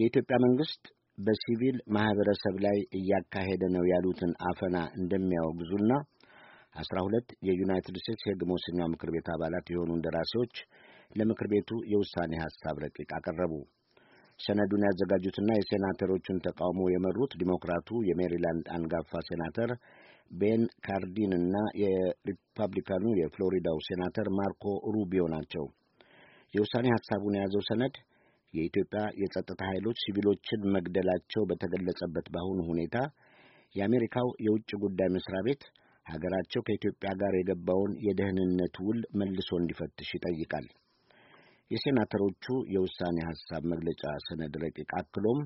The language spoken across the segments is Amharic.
የኢትዮጵያ መንግስት በሲቪል ማህበረሰብ ላይ እያካሄደ ነው ያሉትን አፈና እንደሚያወግዙና አስራ ሁለት የዩናይትድ ስቴትስ የህግ መወሰኛ ምክር ቤት አባላት የሆኑ እንደራሴዎች ለምክር ቤቱ የውሳኔ ሀሳብ ረቂቅ አቀረቡ። ሰነዱን ያዘጋጁትና የሴናተሮቹን ተቃውሞ የመሩት ዲሞክራቱ የሜሪላንድ አንጋፋ ሴናተር ቤን ካርዲን እና የሪፐብሊካኑ የፍሎሪዳው ሴናተር ማርኮ ሩቢዮ ናቸው። የውሳኔ ሐሳቡን የያዘው ሰነድ የኢትዮጵያ የጸጥታ ኃይሎች ሲቪሎችን መግደላቸው በተገለጸበት በአሁኑ ሁኔታ የአሜሪካው የውጭ ጉዳይ መስሪያ ቤት ሀገራቸው ከኢትዮጵያ ጋር የገባውን የደህንነት ውል መልሶ እንዲፈትሽ ይጠይቃል። የሴናተሮቹ የውሳኔ ሐሳብ መግለጫ ሰነድ ረቂቅ አክሎም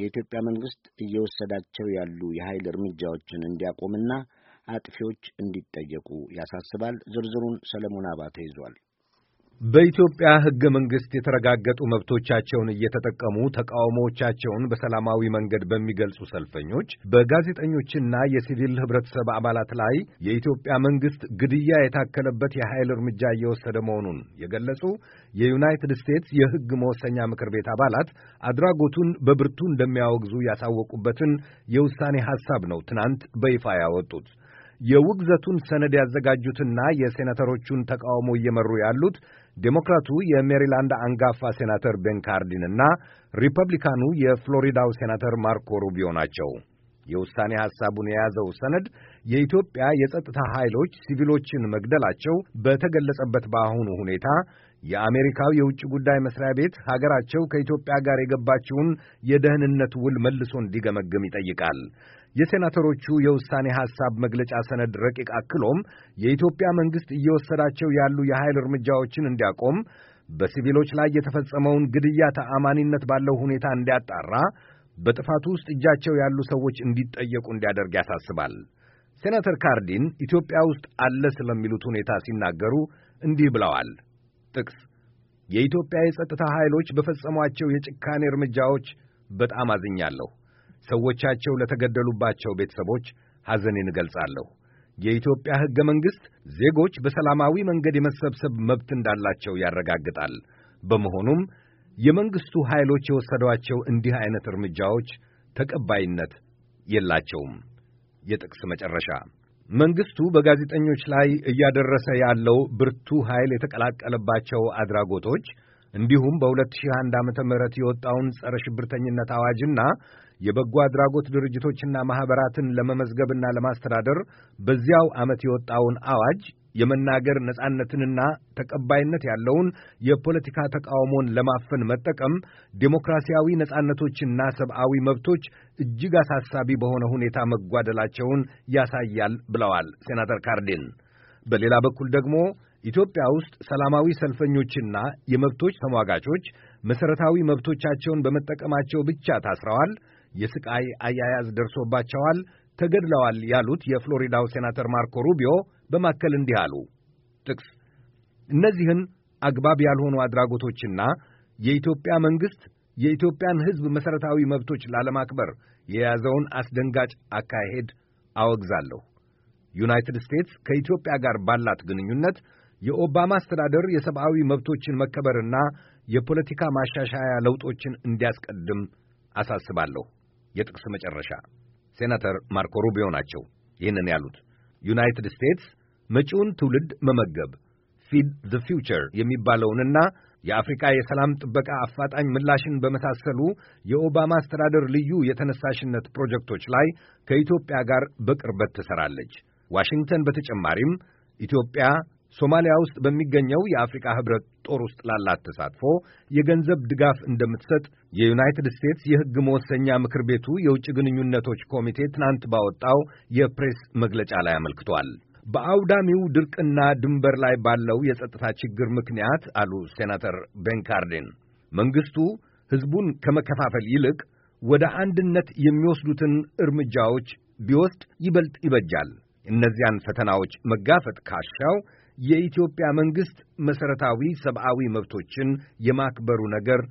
የኢትዮጵያ መንግስት እየወሰዳቸው ያሉ የኃይል እርምጃዎችን እንዲያቆምና አጥፊዎች እንዲጠየቁ ያሳስባል። ዝርዝሩን ሰለሞን አባተ ይዟል። በኢትዮጵያ ሕገ መንግሥት የተረጋገጡ መብቶቻቸውን እየተጠቀሙ ተቃውሞዎቻቸውን በሰላማዊ መንገድ በሚገልጹ ሰልፈኞች፣ በጋዜጠኞችና የሲቪል ኅብረተሰብ አባላት ላይ የኢትዮጵያ መንግሥት ግድያ የታከለበት የኃይል እርምጃ እየወሰደ መሆኑን የገለጹ የዩናይትድ ስቴትስ የሕግ መወሰኛ ምክር ቤት አባላት አድራጎቱን በብርቱ እንደሚያወግዙ ያሳወቁበትን የውሳኔ ሐሳብ ነው ትናንት በይፋ ያወጡት። የውግዘቱን ሰነድ ያዘጋጁትና የሴናተሮቹን ተቃውሞ እየመሩ ያሉት ዴሞክራቱ የሜሪላንድ አንጋፋ ሴናተር ቤን ካርዲን እና ሪፐብሊካኑ የፍሎሪዳው ሴናተር ማርኮ ሩቢዮ ናቸው። የውሳኔ ሐሳቡን የያዘው ሰነድ የኢትዮጵያ የጸጥታ ኃይሎች ሲቪሎችን መግደላቸው በተገለጸበት በአሁኑ ሁኔታ የአሜሪካው የውጭ ጉዳይ መስሪያ ቤት ሀገራቸው ከኢትዮጵያ ጋር የገባችውን የደህንነት ውል መልሶ እንዲገመግም ይጠይቃል። የሴናተሮቹ የውሳኔ ሐሳብ መግለጫ ሰነድ ረቂቅ አክሎም የኢትዮጵያ መንግሥት እየወሰዳቸው ያሉ የኃይል እርምጃዎችን እንዲያቆም፣ በሲቪሎች ላይ የተፈጸመውን ግድያ ተአማኒነት ባለው ሁኔታ እንዲያጣራ፣ በጥፋቱ ውስጥ እጃቸው ያሉ ሰዎች እንዲጠየቁ እንዲያደርግ ያሳስባል። ሴናተር ካርዲን ኢትዮጵያ ውስጥ አለ ስለሚሉት ሁኔታ ሲናገሩ እንዲህ ብለዋል። ጥቅስ የኢትዮጵያ የጸጥታ ኃይሎች በፈጸሟቸው የጭካኔ እርምጃዎች በጣም አዝኛለሁ። ሰዎቻቸው ለተገደሉባቸው ቤተሰቦች ሐዘኔን እገልጻለሁ። የኢትዮጵያ ሕገ መንግሥት ዜጎች በሰላማዊ መንገድ የመሰብሰብ መብት እንዳላቸው ያረጋግጣል። በመሆኑም የመንግሥቱ ኃይሎች የወሰዷቸው እንዲህ አይነት እርምጃዎች ተቀባይነት የላቸውም። የጥቅስ መጨረሻ መንግስቱ በጋዜጠኞች ላይ እያደረሰ ያለው ብርቱ ኃይል የተቀላቀለባቸው አድራጎቶች እንዲሁም በ2001 ዓ ም የወጣውን ጸረ ሽብርተኝነት አዋጅና የበጎ አድራጎት ድርጅቶችና ማኅበራትን ለመመዝገብና ለማስተዳደር በዚያው ዓመት የወጣውን አዋጅ የመናገር ነጻነትንና ተቀባይነት ያለውን የፖለቲካ ተቃውሞን ለማፈን መጠቀም ዴሞክራሲያዊ ነጻነቶችና ሰብአዊ መብቶች እጅግ አሳሳቢ በሆነ ሁኔታ መጓደላቸውን ያሳያል ብለዋል ሴናተር ካርዲን። በሌላ በኩል ደግሞ ኢትዮጵያ ውስጥ ሰላማዊ ሰልፈኞችና የመብቶች ተሟጋቾች መሠረታዊ መብቶቻቸውን በመጠቀማቸው ብቻ ታስረዋል፣ የስቃይ አያያዝ ደርሶባቸዋል፣ ተገድለዋል ያሉት የፍሎሪዳው ሴናተር ማርኮ ሩቢዮ በማከል እንዲህ አሉ። ጥቅስ እነዚህን አግባብ ያልሆኑ አድራጎቶችና የኢትዮጵያ መንግሥት የኢትዮጵያን ሕዝብ መሠረታዊ መብቶች ላለማክበር የያዘውን አስደንጋጭ አካሄድ አወግዛለሁ። ዩናይትድ ስቴትስ ከኢትዮጵያ ጋር ባላት ግንኙነት የኦባማ አስተዳደር የሰብአዊ መብቶችን መከበርና የፖለቲካ ማሻሻያ ለውጦችን እንዲያስቀድም አሳስባለሁ። የጥቅስ መጨረሻ ሴናተር ማርኮ ሩቢዮ ናቸው ይህንን ያሉት ዩናይትድ ስቴትስ መጪውን ትውልድ መመገብ ፊድ ዘ ፊውቸር የሚባለውንና የአፍሪካ የሰላም ጥበቃ አፋጣኝ ምላሽን በመሳሰሉ የኦባማ አስተዳደር ልዩ የተነሳሽነት ፕሮጀክቶች ላይ ከኢትዮጵያ ጋር በቅርበት ትሰራለች። ዋሽንግተን በተጨማሪም ኢትዮጵያ ሶማሊያ ውስጥ በሚገኘው የአፍሪካ ህብረት ጦር ውስጥ ላላት ተሳትፎ የገንዘብ ድጋፍ እንደምትሰጥ የዩናይትድ ስቴትስ የሕግ መወሰኛ ምክር ቤቱ የውጭ ግንኙነቶች ኮሚቴ ትናንት ባወጣው የፕሬስ መግለጫ ላይ አመልክቷል። በአውዳሚው ድርቅና ድንበር ላይ ባለው የጸጥታ ችግር ምክንያት አሉ ሴናተር ቤንካርዴን መንግስቱ ሕዝቡን ከመከፋፈል ይልቅ ወደ አንድነት የሚወስዱትን እርምጃዎች ቢወስድ ይበልጥ ይበጃል። እነዚያን ፈተናዎች መጋፈጥ ካሻው የኢትዮጵያ መንግሥት መሠረታዊ ሰብዓዊ መብቶችን የማክበሩ ነገር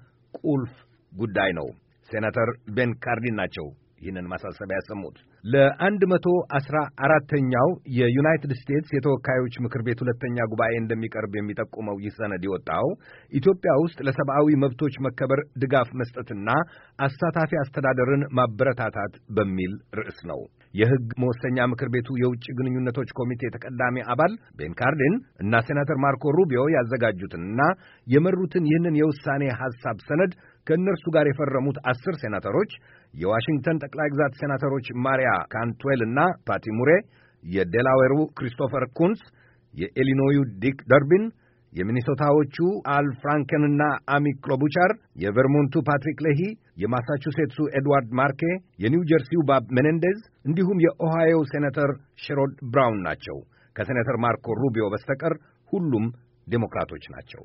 ቁልፍ ጉዳይ ነው። ሴናተር ቤን ካርዲን ናቸው ይህንን ማሳሰቢያ ያሰሙት። ለአንድ መቶ አስራ አራተኛው የዩናይትድ ስቴትስ የተወካዮች ምክር ቤት ሁለተኛ ጉባኤ እንደሚቀርብ የሚጠቁመው ይህ ሰነድ የወጣው ኢትዮጵያ ውስጥ ለሰብአዊ መብቶች መከበር ድጋፍ መስጠትና አሳታፊ አስተዳደርን ማበረታታት በሚል ርዕስ ነው። የሕግ መወሰኛ ምክር ቤቱ የውጭ ግንኙነቶች ኮሚቴ ተቀዳሚ አባል ቤን ካርዲን እና ሴናተር ማርኮ ሩቢዮ ያዘጋጁትንና የመሩትን ይህንን የውሳኔ ሐሳብ ሰነድ ከእነርሱ ጋር የፈረሙት አስር ሴናተሮች የዋሽንግተን ጠቅላይ ግዛት ሴናተሮች ማሪያ ካንትዌል እና ፓቲ ሙሬ፣ የዴላዌሩ ክሪስቶፈር ኩንስ፣ የኢሊኖዩ ዲክ ደርቢን፣ የሚኒሶታዎቹ አል እና አሚ ክሎቡቻር፣ የቨርሞንቱ ፓትሪክ ሌሂ፣ የማሳቹሴትሱ ኤድዋርድ ማርኬ፣ የኒው ጀርሲው ባብ ሜኔንዴዝ እንዲሁም የኦሃዮ ሴናተር ሼሮድ ብራውን ናቸው። ከሴናተር ማርኮ ሩቢዮ በስተቀር ሁሉም ዴሞክራቶች ናቸው።